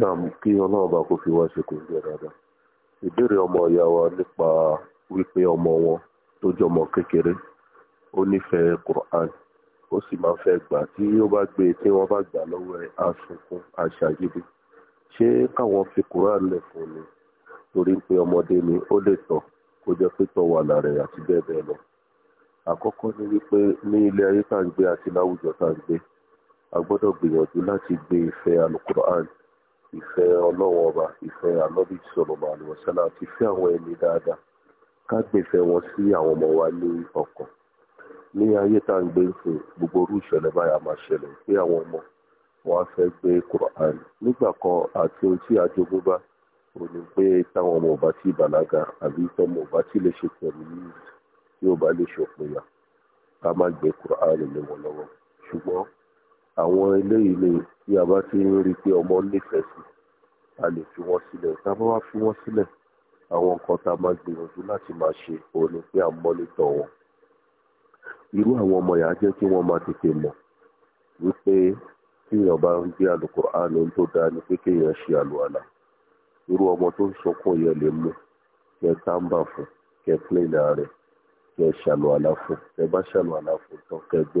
Naam kí ọlọ́run bá kó fi wá ṣe kò gbẹ dáadáa. Ìbéèrè ọmọ ìyá wa nípa wípé ọmọ wọn tó jọmọ kékeré ó nífẹ̀ẹ́ Quran ó sì máa fẹ́ gbà tí ó bá gbé tí wọ́n bá gbà lọ́wọ́ fi Quran lẹ̀ fún Torí ni ó lè tọ̀ kó jẹ́ pé tọ̀ lọ. Àkọ́kọ́ ni wípé ní ilé ayé tá à ń gbé àti láwùjọ tá ìfẹ́ ọlọ́wọ́n ọba ìfẹ́ ànábì sallallahu alaihi ti àti ìfẹ́ àwọn ẹni dáadáa ká gbèfẹ́ wọn sí àwọn ọmọ wa ní ọkàn ní ayé tá ń gbé fún gbogbo orú ìṣẹ̀lẹ̀ báyà máa ṣẹlẹ̀ pé àwọn ọmọ wọn á fẹ́ gbé Quran nígbà kan àti ohun tí àjogúnbá ò ní pé táwọn ọmọ ọba àbí tọmọ ọba lè ṣe pẹ̀lú yìí tí lè ṣòpinya ká má gbé Quran lé wọn lọ́wọ́ ṣùgbọ́n tí a bá ti ń rí i pé ọmọ nífẹ̀ẹ́ sí a lè fi wọ́n sílẹ̀ tá a bá wá fi wọ́n sílẹ̀ àwọn nǹkan tá a máa gbìyànjú láti máa ṣe òun ni pé à ń wọn irú àwọn ọmọ yàrá jẹ́ kí wọ́n máa tètè mọ̀ wípé tí èèyàn bá ń gbé àlùkùránì ohun tó dáa ni pé kéèyàn ṣe àlùwàlà irú ọmọ tó ń sọkún yẹn lè mú kẹ fún kẹ kẹ ṣàlùwàlà fún kẹ bá ṣàlùwàlà fún tán kẹ gbé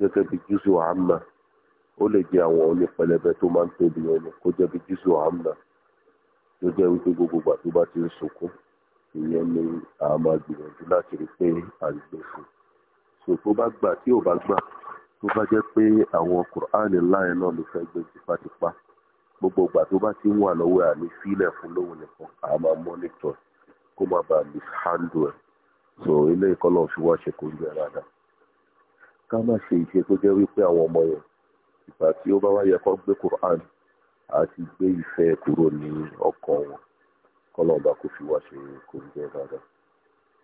gẹ́gẹ́ bí jùsù àmà ó lè jẹ́ àwọn oní pẹlẹbẹ tó máa ń tóbi ẹni kó jẹ́ bí jùsù àmà tó jẹ́ wípé gbogbo ìgbà tó bá ti ń sunkún ìyẹn ni a máa gbìyànjú láti rí pé à ń gbé fún so tó bá gbà tí ò bá gbà tó bá jẹ́ pé àwọn kùránì láyé náà ló fẹ́ gbé tipátipá gbogbo ìgbà tó bá ti ń wà lọ́wọ́ àní fílẹ̀ fún lóhùn nìkan a máa mọ́nítọ̀ kó má bàa mishandle ẹ̀ so ilé ìkọlọ́ ṣe kó ń bẹ̀rẹ̀ dáadáa. ká má ṣe ìṣe tó jẹ́ wípé àwọn ọmọ yẹn ìgbà tí ó bá wá yẹ kó gbé Quran àti gbé ìfẹ́ kúrò ní ọkàn wọn kọ́lọ́ọ̀bá kò fi wá ṣe kò ń jẹ́ dáadáa.